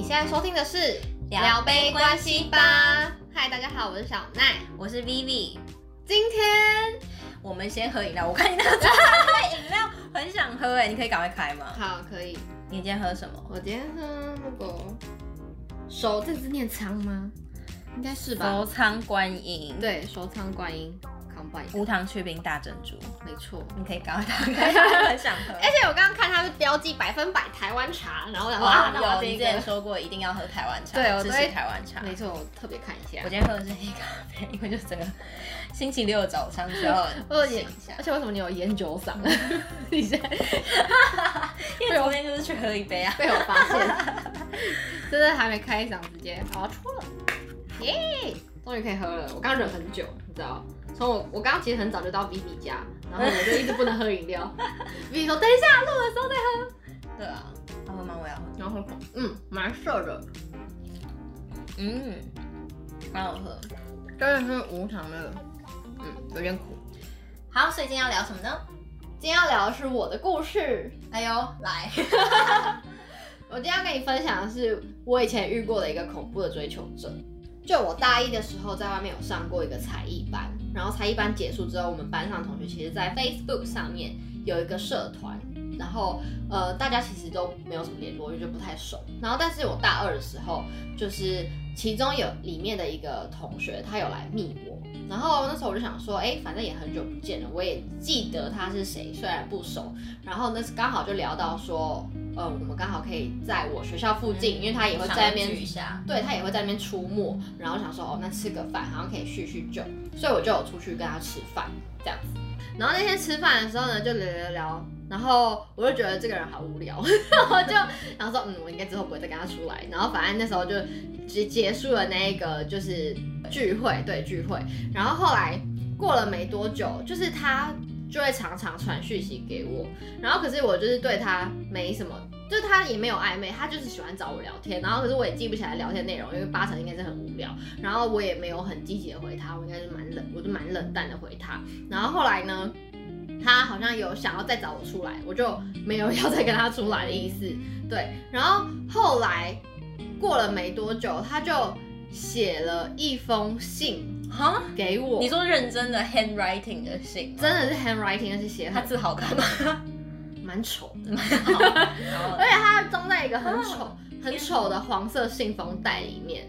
你現在收聽的是《聊杯關係吧》。嗨 ，Hi, 大家好，我是小奈，我是 Vivi。今天我們先喝飲料，我看你那杯飲料很想喝哎，你可以趕快開嗎？好，可以。你今天喝什麼？我今天喝那、這個“熟”，這字念“藏”嗎？應該是吧。熟藏觀音，對，熟藏觀音。無糖去冰大珍珠，沒錯，你可以趕快打開。很想喝，而且我剛剛看它是標記百分百台灣茶，然後、啊哦啊、我這一個有今天說過一定要喝台灣茶，對，我只是台灣茶，沒錯，我特別看一下。我今天喝的是黑咖啡，因為就是這個星期六的早餐之後。而且，而且為什麼你有煙酒嗓？你在？因為我今天就是去喝一杯啊， 被我發現， 真的還沒開嗓，直接啊戳了。耶，終於可以喝了，我剛忍很久，你知道。從我我剛其實很早就到比 i i 家，然後我就一直不能喝飲料。 比 i i 說：“等一下錄的時候再喝。”對啊，要喝嗎？我要喝。要喝嗯，蠻澀的。嗯，蠻好喝，真的是無糖的。嗯，有點苦。好，所以今天要聊什麼呢？今天要聊的是我的故事。哎呦，來， 我今天要跟你分享的是我以前遇過的一個恐怖的追求者。就我大一的時候，在外面有上過一個才藝班。然後才藝班結束之後，我們班上的同學其實，在 Facebook 上面有一個社團，然後呃，大家其實都沒有什麼聯絡，也就不太熟。然後，但是我大二的時候，就是其中有裡面的一個同學，他有來密我，然後那時候我就想說，哎，反正也很久不見了，我也記得他是誰，雖然不熟。然後那次剛好就聊到說。呃，我們剛好可以在我學校附近，因為他也會在那邊，對他也會在那邊出沒。然後想說，哦，那吃個飯好像可以敘敘舊，所以我就有出去跟他吃飯這樣子。然後那天吃飯的時候呢，就聊聊聊，然後我就覺得這個人好無聊， 然後就然後說，嗯，我應該之後不會再跟他出來。然後反正那時候就結結束了那一個就是聚會，對聚會。然後後來過了沒多久，就是他就會常常傳訊息給我，然後可是我就是對他沒什麼。就他也沒有曖昧，他就是喜歡找我聊天，然後可是我也記不起來聊天內容，因為八成應該是很無聊，然後我也沒有很積極的回他，我應該是蠻冷，我就蠻冷淡的回他。然後後來呢，他好像有想要再找我出來，我就沒有要再跟他出來的意思。對，然後後來過了沒多久，他就寫了一封信哈，給我，Huh? 你說認真的 handwriting 的信，真的是 handwriting 而是寫他字好看嗎？ 蠻醜的、 哦，而且它裝在一個很醜、哦、很醜的黃色信封袋裡面，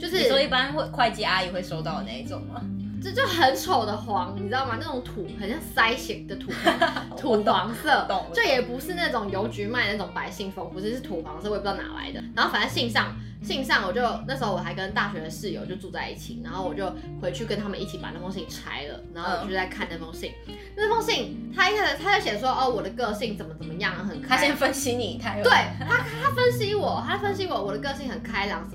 就是說一般會會計阿姨會收到的那一種嗎？這就，就很醜的黃，你知道嗎？那種土，很像腮型的土黃， 土黃色懂懂懂，就也不是那種郵局賣的那種白信封，不是，是土黃色，我也不知道哪來的。然後反正信上，信上我就那時候我還跟大學的室友就住在一起，然後我就回去跟他們一起把那封信拆了，然後我就在看那封信。哦、那封信他一開始他在寫說，哦，我的個性怎麼怎麼樣，很他先分析你，他對他他分析我，他分析我，我的個性很開朗。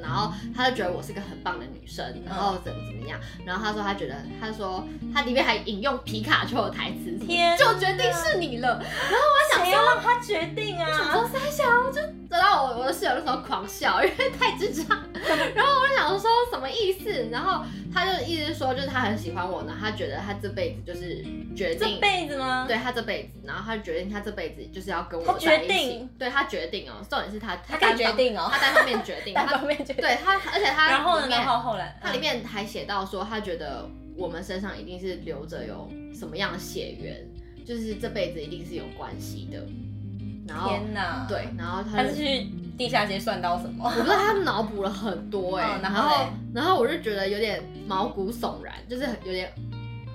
然後他就覺得我是個很棒的女生，嗯，然後怎麼怎麼樣，然後他說他覺得，他說他裡面還引用皮卡丘的台詞，天，就決定是你了。然後我想說，誰要讓他決定啊？我三小，我就得到我，我的室友那時候狂笑，因為太智障。然後我就想說什麼意思？然後他就一直說，就是他很喜歡我，呢，他覺得他這輩子就是決定這輩子嗎？對，他這輩子，然後他就決定他這輩子就是要跟我在一起。他對，他決定哦，重點是他他，他決定哦，他在後面決定。 對他，而且他然後呢然後後來，他裡面還寫到說，他覺得我們身上一定是流著有什麼樣的血緣，就是這輩子一定是有關係的。然後天吶，對，然後他，他是去地下街算到什麼？ 我不知道，他腦補了很多哎、欸哦。然後，然後我就覺得有點毛骨悚然，就是有點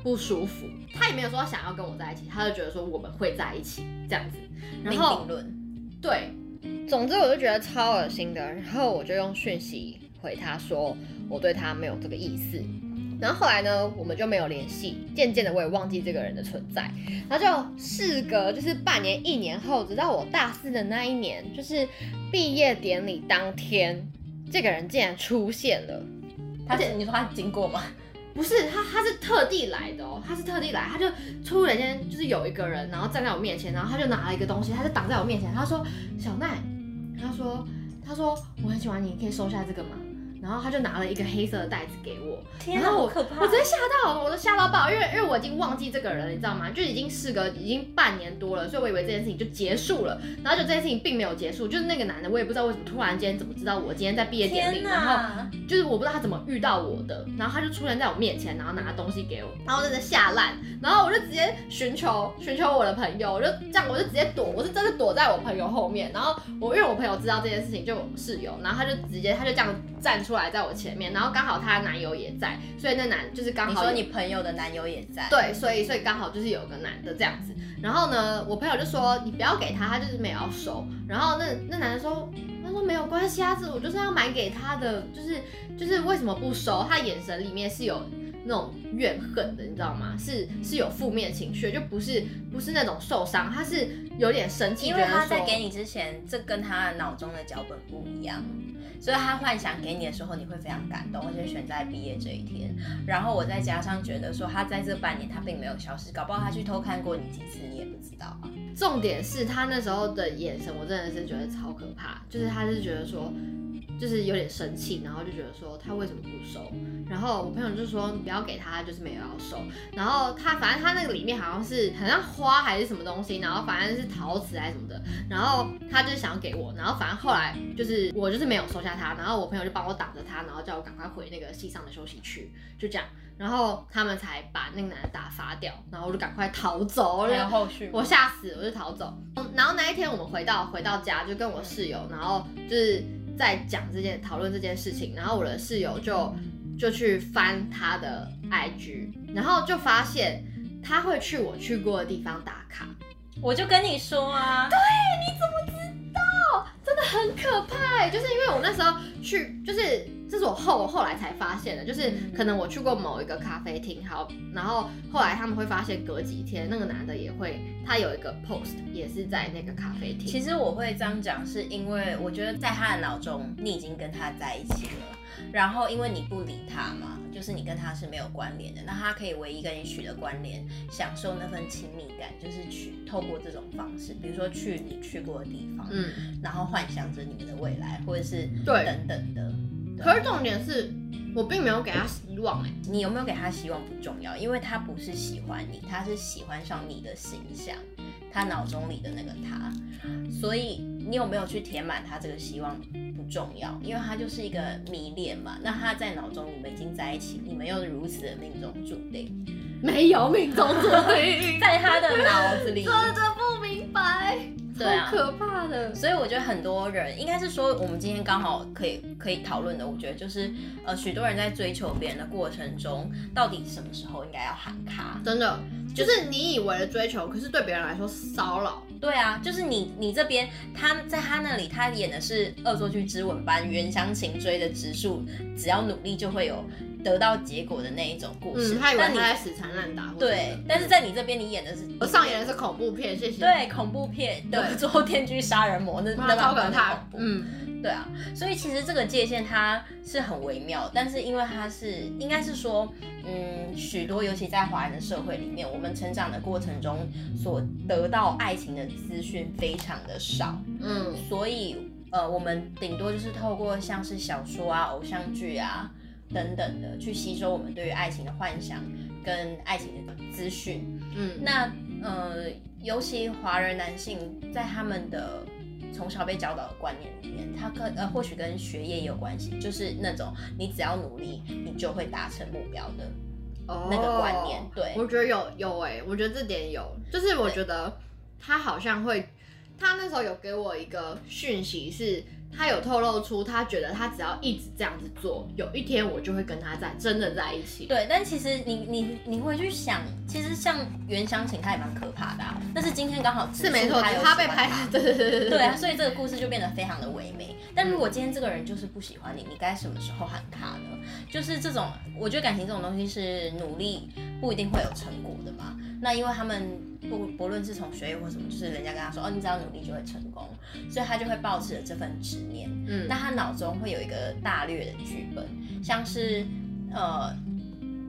不舒服。他也沒有說想要跟我在一起，他就覺得說我們會在一起這樣子，然後命定論，對。總之我就覺得超噁心的，然後我就用訊息回他說我對他沒有這個意思。然後後來呢，我們就沒有聯繫，漸漸的我也忘記這個人的存在。然後就事隔就是半年、一年後，直到我大四的那一年，就是畢業典禮當天，這個人竟然出現了。而且，你說他經過嗎？不是，他他是特地來的哦、喔，他是特地來。他就突然間就是有一個人，然後站在我面前，然後他就拿了一個東西，他就擋在我面前，他說小奈。他說，他說我很喜歡你，可以收下這個嗎？然後他就拿了一個黑色的袋子給我，天啊，然後我好可怕！我直接嚇到，我都嚇到爆，因為因為我已經忘記這個人了，你知道嗎？就已經事隔已經半年多了，所以我以為這件事情就結束了。然後就這件事情並沒有結束，就是那個男的，我也不知道為什麼突然間怎麼知道我今天在畢業典禮，然後就是我不知道他怎麼遇到我的，然後他就出現在我面前，然後拿了東西給我，然後真的嚇爛，然後我就直接尋求尋求我的朋友，我就這樣，我就直接躲，我是真的躲在我朋友後面，然後我因為我朋友知道這件事情，就我室友，然後他就直接他就這樣。站出來在我前面，然後剛好她男友也在，所以那男就是剛好。你說你朋友的男友也在。對，所以所以剛好就是有個男的這樣子。然後呢，我朋友就說你不要給他，他就是沒有要收。然後那那男的說，他說沒有關係啊，這我就是要買給他的，就是就是為什麼不收？他眼神裡面是有。那種怨恨的，你知道嗎？是是有負面情緒，就不是不是那種受傷，他是有點生氣。因為他在給你之前，這跟他的腦中的腳本不一樣。嗯，所以他幻想給你的時候，你會非常感動，而且選在畢業這一天。然後我再加上覺得說，他在這半年他並沒有消失，搞不好他去偷看過你幾次，你也不知道。重點是他那時候的眼神，我真的是覺得超可怕，就是他是覺得說。就是有點生氣，然後就覺得說他為什麼不收，然後我朋友就說你不要給他，就是沒有要收。然後他反正他那個裡面好像是好像花還是什麼東西，然後反正是陶瓷還是什麼的，然後他就是想要給我，然後反正後來就是我就是沒有收下他，然後我朋友就幫我擋着他，然後叫我趕快回那個系上的休息區，就這樣，然後他們才把那個男的打发掉，然後我就趕快逃走。還有後續嗎？我嚇死，我就逃走。然後，然後那一天我們回到回到家，就跟我室友，然後就是。在講這件，討論這件事情，然後我的室友就就去翻他的 IG，然後就發現他會去我去過的地方打卡，我就跟你說啊，對，你怎麼？真的很可怕，就是因為我那時候去，就是這是我後我後來才發現的，就是可能我去過某一個咖啡廳，好，然後後來他們會發現隔幾天那個男的也會，他有一個 post 也是在那個咖啡廳。其實我會這樣講，是因為我覺得在他的腦中，你已經跟他在一起了。然後，因為你不理他嘛，就是你跟他是沒有關聯的，那他可以唯一跟你取得關聯，享受那份親密感，就是去透過這種方式，比如說去你去過的地方，嗯，然後幻想着你們的未來，或者是對等等的。可是重點是我並沒有給他希望，欸，哎，你有沒有給他希望不重要，因為他不是喜歡你，他是喜歡上你的形象。他腦中裡的那個他，所以你有沒有去填滿他這個希望不重要，因為他就是一個迷戀嘛。那他在腦中，你們已經在一起，你們又如此的命中注定，沒有命中注定， 在他的腦子裡。真的不明白，對啊，可怕的。所以我覺得很多人，應該是說我們今天剛好可以可以討論的，我覺得就是呃，許多人在追求別人的過程中，到底什麼時候應該要喊卡？真的。就是、就是你以為的追求，可是對別人來說是騷擾。對啊，就是你你這邊，他在他那裡，他演的是惡作劇之吻般袁湘琴追的直樹，只要努力就會有得到結果的那一種故事。嗯，他以為那你他在死纏爛打對對。對，但是在你這邊，你演的是我上演的是恐怖片，謝謝。對，恐怖片德州電鋸殺人魔，那那超可怕。嗯。對啊，所以其實這個界限它是很微妙，但是因為它是應該是說，嗯，許多尤其在華人的社會裡面，我們成長的過程中，所得到愛情的資訊非常的少，嗯，所以呃，我們頂多就是透過像是小說啊、偶像劇啊等等的，去吸收我們對於愛情的幻想跟愛情的資訊，嗯，那呃，尤其華人男性在他們的。從小被教導的觀念裡面，他跟呃或許跟學業也有關係，就是那種你只要努力，你就會達成目標的，那個觀念。Oh, 對，我覺得有有誒、欸，我覺得這點有，就是我覺得他好像會，他那時候有給我一個訊息是。他有透露出，他覺得他只要一直這樣子做，有一天我就會跟他在真的在一起。對，但其實你你你會去想，其實像袁湘琴，她也蠻可怕的、啊。但是今天剛好是，是沒錯，他被拍到，對對對對對、啊。所以這個故事就變得非常的唯美。但如果今天這個人就是不喜歡你，你該什麼時候喊卡呢？就是這種，我覺得感情這種東西是努力不一定會有成果的嘛。那因為他們。不不論是從學業或什麼，就是人家跟他說，哦，你只要努力就會成功，所以他就會抱持着這份執念。嗯，那他腦中會有一個大略的劇本，像是，呃。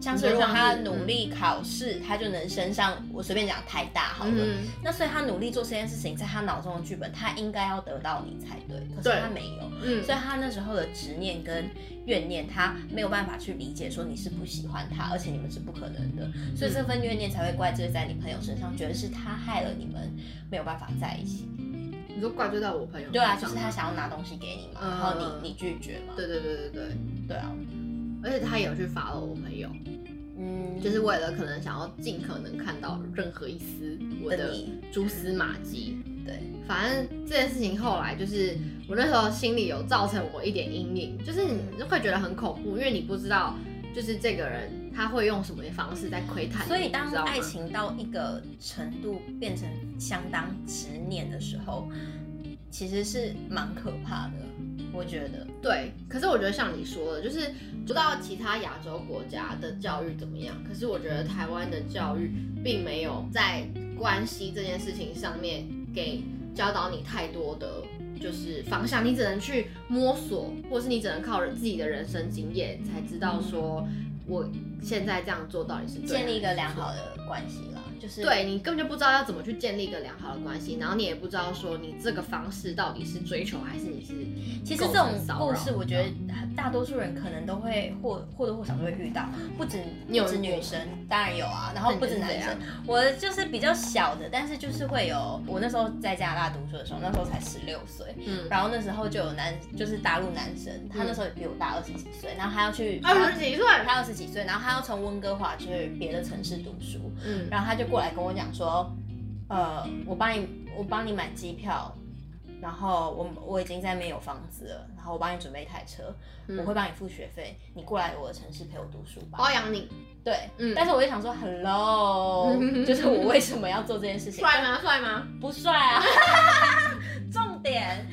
像是如果他努力考試、嗯，他就能升上，我隨便講，太大好了、嗯。那所以他努力做這件事情，在他腦中的劇本，他應該要得到你才對。可是他沒有，嗯、所以他那時候的執念跟怨念，他沒有辦法去理解說你是不喜歡他，而且你們是不可能的。所以這份怨念才會怪罪在你朋友身上，覺得是他害了你們，沒有辦法在一起。你說怪罪在我朋友？對啊，就是他想要拿東西給你嘛，嗯、然後你你拒絕嘛。對對對對對對。對啊。而且他也有去 follow 我朋友，嗯，就是為了可能想要盡可能看到任何一絲我的蛛絲馬跡，嗯，對。反正這件事情後來就是我那時候心裡有造成我一點陰影，就是你會覺得很恐怖，因為你不知道就是這個人他會用什麼方式在窺探你。所以當愛情到一個程度變成相當執念的時候，其實是蠻可怕的。我覺得對，可是我覺得像你說的，就是不知道其他亞洲國家的教育怎麼樣。可是我覺得台灣的教育並沒有在關係這件事情上面給教導你太多的，就是方向。你只能去摸索，或是你只能靠着自己的人生經驗才知道說，我現在這樣做到底是建立一個良好的關係了。就是、對你根本就不知道要怎麼去建立一個良好的關係，嗯，然後你也不知道說你這個方式到底是追求還是你是其實這種故事，我覺得大多數人可能都會或，或多或少都會遇到，不止、嗯、女生、嗯、當然有啊，然後不止男生、嗯，我就是比較小的，但是就是會有，我那時候在加拿大讀書的時候，那時候才十六歲，嗯，然後那時候就有男就是大陸男生，他那時候也比我大二十幾歲，然後他要去二十幾歲，他二十幾歲，然後他要從溫哥華去別的城市讀書，嗯，然後他就。過來跟我講說，呃，我幫你，我幫你買機票，然後我我已經在沒有房子了，然後我幫你準備一台車，嗯、我會幫你付學費，你過來我的城市陪我讀書吧，包養你。對，嗯、但是我就想說，很 low，、嗯、就是我為什麼要做這件事情？帥嗎？帥嗎？不帥啊。 重點，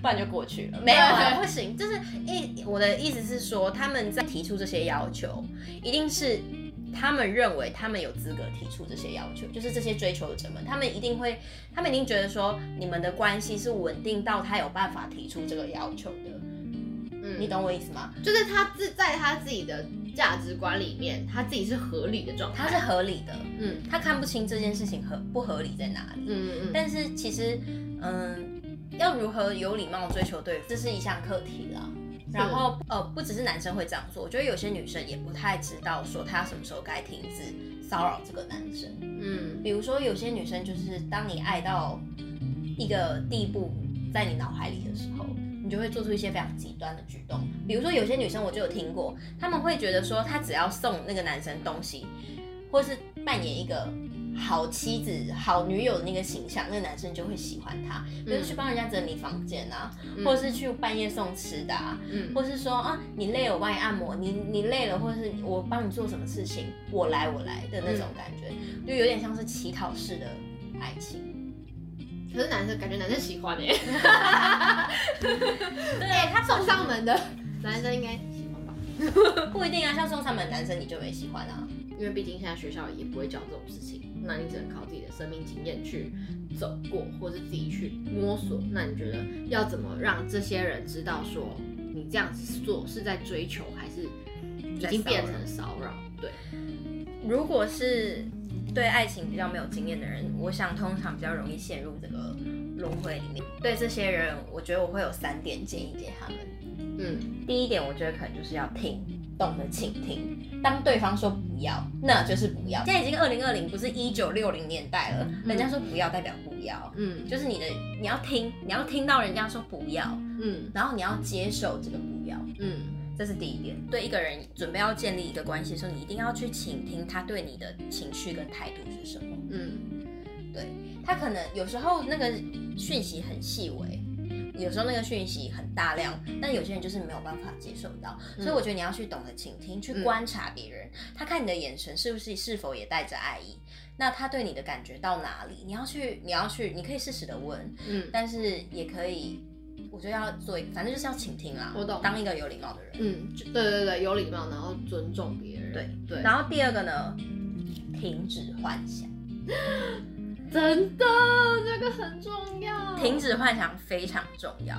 不然就過去了。沒有、啊， 不行，就是一、欸，我的意思是說，他們在提出這些要求，一定是。他們認為他們有資格提出這些要求，就是這些追求者們，他們一定會，他們一定覺得說你們的關係是穩定到他有辦法提出這個要求的。嗯，你懂我意思嗎？就是他自在他自己的價值觀裡面，他自己是合理的狀態，他是合理的。嗯，他看不清這件事情合不合理在哪裡。嗯嗯嗯，但是其實，嗯，要如何有禮貌追求對方，這是一項課題啦。然後，呃，不只是男生會這樣做，我覺得有些女生也不太知道說，她什麼時候該停止騷擾這個男生。嗯，比如說有些女生就是當你愛到一個地步，在你腦海裡的時候，你就會做出一些非常極端的舉動。比如說有些女生我就有聽過，她們會覺得說，她只要送那個男生東西，或是扮演一個。好妻子、好女友的那個形象，那男生就會喜歡他。比如去幫人家整理房間啊，嗯、或者是去半夜送吃的、啊，嗯，或是說啊，你累了我幫你按摩，你你累了，或者是我幫你做什麼事情，我來我來的那種感覺，嗯、就有點像是乞討式的愛情。可是男生感覺男生喜歡你、欸，哈哈哈！他送上門的男生應該喜歡吧？ 不一定啊，像送上門男生你就沒喜歡啊，因為畢竟現在學校也不會講這種事情。那你只能靠自己的生命經驗去走過，或是自己去摸索。那你覺得要怎麼讓這些人知道，說你這樣子做是在追求，還是已經變成騷擾？對，如果是對愛情比較沒有經驗的人，我想通常比較容易陷入這個輪迴裡面。對這些人，我覺得我會有三點建議給他們。嗯，第一點，我覺得可能就是要聽。懂得傾聽，當對方說不要，那就是不要。現在已經二零二零，不是一九六零年代了。人家說不要，代表不要。嗯，就是你的，你要聽，你要聽到人家說不要。嗯，然後你要接受這個不要。嗯，這是第一點。對一個人準備要建立一個關係的時候，你一定要去傾聽他對你的情緒跟態度是什麼。嗯，對，他可能有時候那個訊息很細微。有時候那個訊息很大量，但有些人就是沒有辦法接受到，嗯，所以我覺得你要去懂得傾聽，去觀察別人，嗯，他看你的眼神是不是是否也帶着愛意，那他對你的感覺到哪裡？你要去，你要去，你可以適時的問，嗯，但是也可以，我覺得要做一個，反正就是要傾聽啦。我懂，當一個有禮貌的人，嗯，對對對，有禮貌，然後尊重別人，對對，然後第二個呢，停止幻想。 真的，這個很重要。停止幻想非常重要。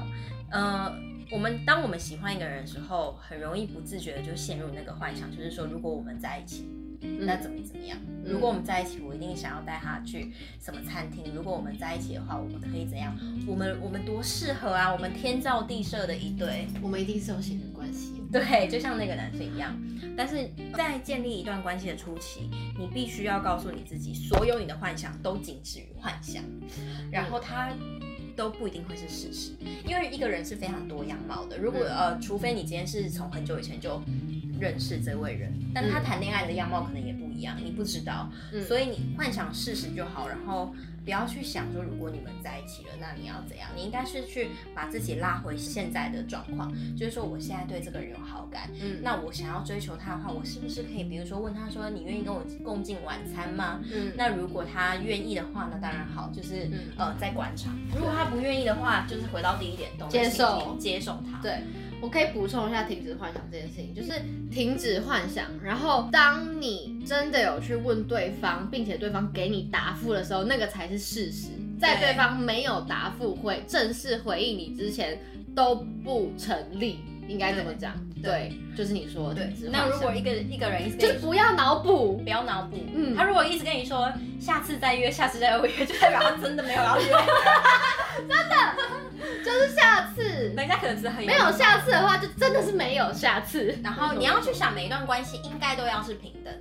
呃，我們，當我們喜歡一個人的時候，很容易不自覺的就陷入那個幻想，就是說，如果我們在一起。嗯、那怎麼怎麼樣？如果我們在一起，我一定想要帶他去什麼餐廳，嗯。如果我們在一起的話，我們可以怎樣？我們我們多適合啊！我們天造地設的一對。我們一定是有性關係。對，就像那個男生一樣。但是在建立一段關係的初期，你必須要告訴你自己，所有你的幻想都僅止於幻想，然後他都不一定會是事實，因為一個人是非常多樣貌的。如果、嗯、呃，除非你今天是從很久以前就。認識這位人，但他談戀愛的樣貌可能也不一樣，你不知道、嗯，所以你幻想事實就好，然後不要去想說，如果你們在一起了，那你要怎樣？你應該是去把自己拉回現在的狀況，就是說我現在對這個人有好感，嗯，那我想要追求他的話，我是不是可以，比如說問他說，你願意跟我共進晚餐嗎？嗯，那如果他願意的話，那當然好，就是、嗯、呃再觀察、嗯；如果他不願意的話，就是回到第一點東，接受接受他，對。我可以補充一下停止幻想這件事情，就是停止幻想。然後，當你真的有去問對方，並且對方給你答覆的時候，那個才是事實。在對方沒有答覆會正式回應你之前，都不成立。應該怎麼講？對，就是你說的。對，那如果一個一個人一直跟你說，就是不要腦補，不要腦補。嗯，他如果一直跟你說下次再約，下次再約，就代表他真的沒有要再約。真的，就是下次。等一下可能是很有。沒有下次的話，就真的是沒有下次。然後你要去想，每一段關係應該都要是平等。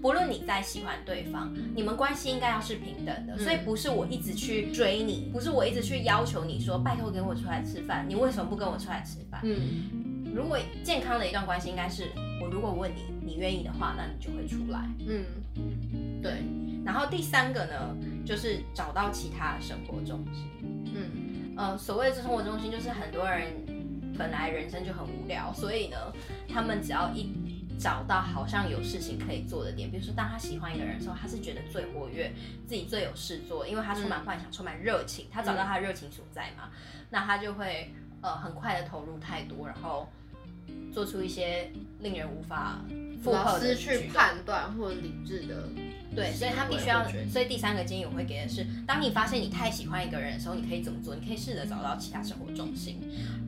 不論你再喜歡對方，你們關係應該要是平等的，嗯，所以不是我一直去追你，不是我一直去要求你說拜托給我出來吃飯，你為什麼不跟我出來吃飯？嗯，如果健康的一段關係，應該是我如果問你，你願意的話，那你就會出來。嗯，對。然後第三個呢，就是找到其他生活中心。嗯，呃，所謂的生活中心就是很多人本來人生就很無聊，所以呢，他們只要一找到好像有事情可以做的點，比如說，當他喜歡一個人的時候，他是覺得最活躍，自己最有事做，因為他充滿幻想、嗯、充滿熱情，他找到他的熱情所在嘛，嗯、那他就會呃很快的投入太多，然後做出一些。令人無法負荷的失去判斷或者理智的，對，所以他必須要。所以第三個建議我會給的是，當你發現你太喜歡一個人的時候，你可以怎麼做？你可以試着找到其他生活重心，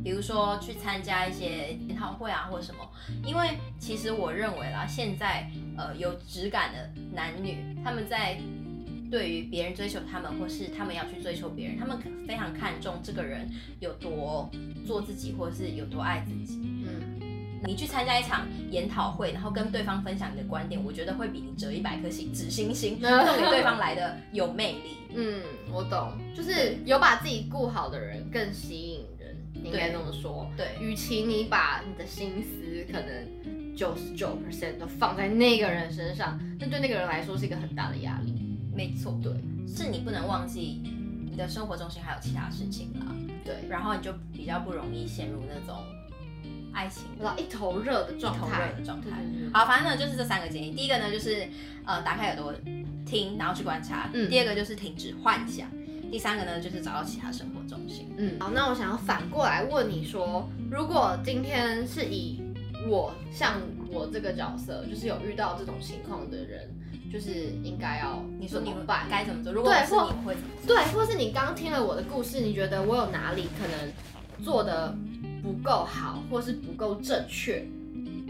比如說去參加一些研討會啊，或者什麼。因為其實我認為啦，現在呃有質感的男女，他們在對於別人追求他們，或是他們要去追求別人，他們非常看重這個人有多做自己，或者是有多愛自己。嗯。你去參加一場研討會，然後跟對方分享你的觀點，我覺得會比你折一百顆星、紙星星送給對方來得有魅力。 嗯，我懂，就是有把自己顧好的人更吸引人，對應該這麼說。對，與其你把你的心思可能九十九 percent 都放在那個人身上，那對那個人來說是一個很大的壓力。沒錯，對，是你不能忘記你的生活中心還有其他事情啦。對，然後你就比較不容易陷入那種。愛情到一頭熱的狀態，狀態、嗯嗯、好，反正呢就是這三個建議。第一個呢就是呃打開耳朵聽，然後去觀察、嗯。第二個就是停止幻想。第三個呢就是找到其他生活重心。嗯，好，那我想要反過來問你說，如果今天是以我像我這個角色，就是有遇到這種情況的人，就是應該要、嗯、你說明白該怎麼做？如果你會怎麼做？對，或是你剛聽了我的故事，你覺得我有哪裡可能做的？不夠好，或是不夠正確，嗯，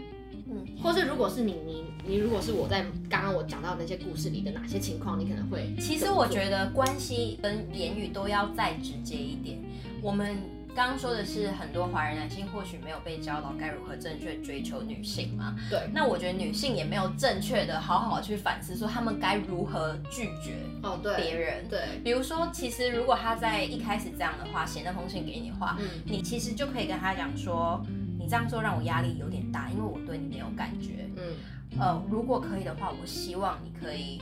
或是如果是你你你，你如果是我在剛剛我講到那些故事裡的哪些情況，你可能會，其實我覺得關係跟言語都要再直接一點，我們。剛剛說的是很多華人男性或許沒有被教導該如何正確追求女性嘛？對。那我覺得女性也沒有正確的好好去反思，說他們該如何拒絕別人。哦，對，對。比如說，其實如果他在一開始這樣的話，寫那封信給你的話，嗯，你其實就可以跟他講說，你這樣做讓我壓力有點大，因為我對你沒有感覺，嗯，呃，如果可以的話，我希望你可以。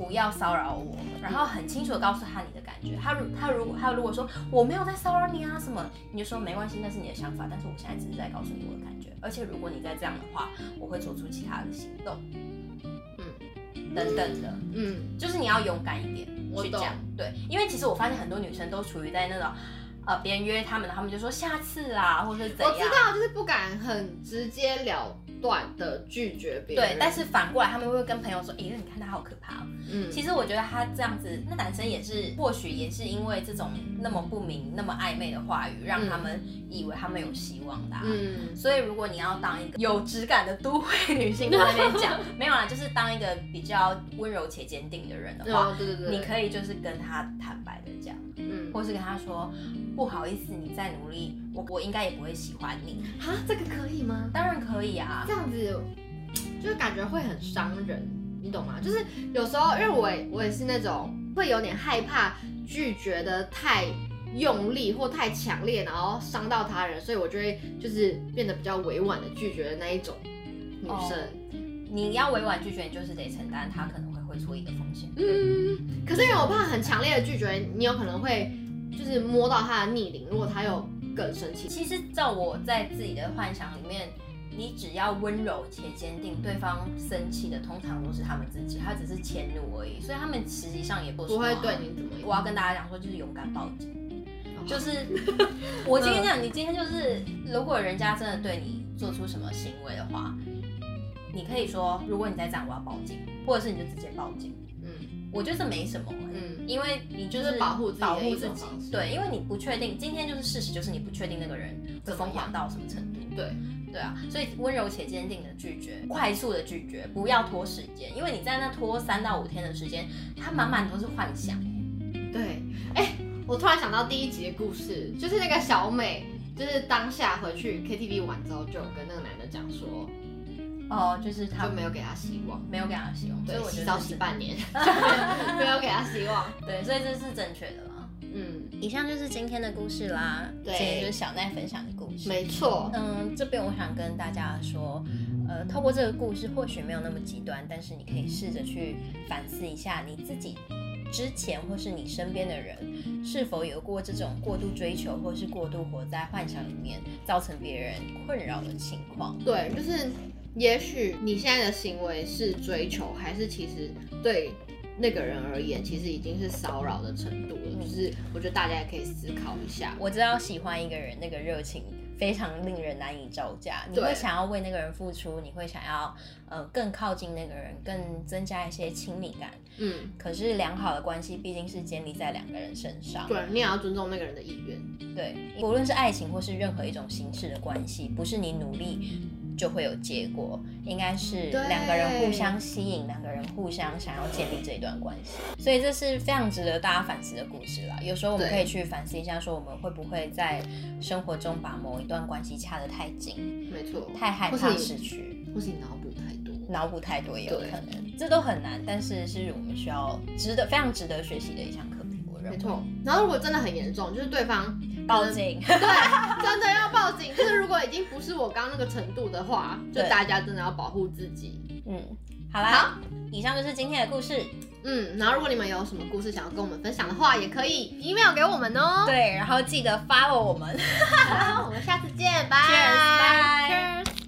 不要騷擾我，然後很清楚的告訴他你的感覺。他如他如他如果說，我沒有在騷擾你啊什麼，你就說沒關係，那是你的想法。但是我現在只是在告訴你我的感覺。而且如果你再這樣的話，我會做出其他的行動。嗯，等等的，嗯，嗯，就是你要勇敢一點去我講，對。因為其實我發現很多女生都處於在那種。別人、呃、約他們，他們就說下次啊，或者是怎樣。我知道，就是不敢很直接了斷的拒絕別人。對，但是反過來他們會會跟朋友說：“咦、欸，你看他好可怕，啊。”嗯，其實我覺得他這樣子，那男生也是，或許也是因為這種那麼不明、那麼曖昧的話語，讓他們以為他們有希望的，啊。嗯，所以如果你要當一個有質感的都會女性，在那邊講 沒有啦，就是當一個比較溫柔且堅定的人的話，哦，對對對，你可以就是跟他坦白的講，嗯，或是跟他說。不好意思，你再努力，我我應該也不會喜歡你啊。這個可以嗎？當然可以啊。這樣子就感覺會很傷人，你懂嗎？就是有時候，因為我我也是那種會有點害怕拒絕的太用力或太強烈，然後傷到他人，所以我就會就是變得比較委婉的拒絕的那一種女生。哦，你要委婉拒絕，你就是得承擔他可能會會錯意的風險。嗯，可是因為我怕很強烈的拒絕，你有可能會。就是摸到他的逆鱗，如果他又更生氣，其實照我在自己的幻想裡面，你只要溫柔且堅定，對方生氣的通常都是他們自己，他只是遷怒而已，所以他們實際上也不說、啊、不會對你怎麼樣。我要跟大家講說，就是勇敢報警，就是 我今天講，你今天就是，如果人家真的對你做出什麼行為的話，你可以說，如果你再這樣，我要報警，或者是你就直接報警，嗯，我覺得這沒什麼，嗯。因為你就是，就是保護自己，對，因為你不確定，今天就是事實，就是你不確定那個人會瘋狂到什麼程度麼？對，對啊，所以溫柔且堅定的拒絕，嗯、快速的拒絕，不要拖時間，因為你在那拖三到五天的時間，嗯、它滿滿都是幻想、欸。對，哎、欸，我突然想到第一集的故事，就是那個小美，就是當下回去 KTV 玩之後，就有跟那個男的講說。哦，就是他沒有給他希望，沒有給他希望，所以我得刀劈半年，沒有給他希望，對，所以，洗洗 所以這是正確的了。嗯，以上就是今天的故事啦，對，就是小奈分享的故事，沒錯。嗯，這邊我想跟大家說，呃，透過這個故事，或許沒有那麼極端，但是你可以試着去反思一下你自己之前或是你身邊的人是否有過這種過度追求或是過度活在幻想裡面，造成別人困擾的情況。對，就是。也許你現在的行為是追求，還是其實對那個人而言，其實已經是騷擾的程度了，嗯。就是我覺得大家也可以思考一下。我知道喜歡一個人，那個熱情非常令人難以招架。你會想要為那個人付出，你會想要呃更靠近那個人，更增加一些親密感。嗯。可是良好的關係畢竟是建立在兩個人身上。對，你也要尊重那個人的意願。對，無論是愛情或是任何一種形式的關係，不是你努力。就會有結果，應該是兩個人互相吸引，兩個人互相想要建立這一段關係，所以這是非常值得大家反思的故事啦。有時候我們可以去反思一下，說我們會不會在生活中把某一段關係掐得太緊？沒錯，太害怕失去，或是，或是你腦補太多，腦補太多也有可能，這都很難，但是是我們需要值得非常值得學習的一項課題，我認為沒錯。然後如果真的很嚴重，就是對方。報警、嗯，對，真的要報警。 就是如果已經不是我剛剛那個程度的話， 就大家真的要保護自己。嗯，好啦好，以上就是今天的故事。嗯，然後如果你們有什麼故事想要跟我們分享的話，也可以、嗯、email 給我們哦。對，然後記得 follow 我們。 好，我們下次見，拜 拜。Cheers,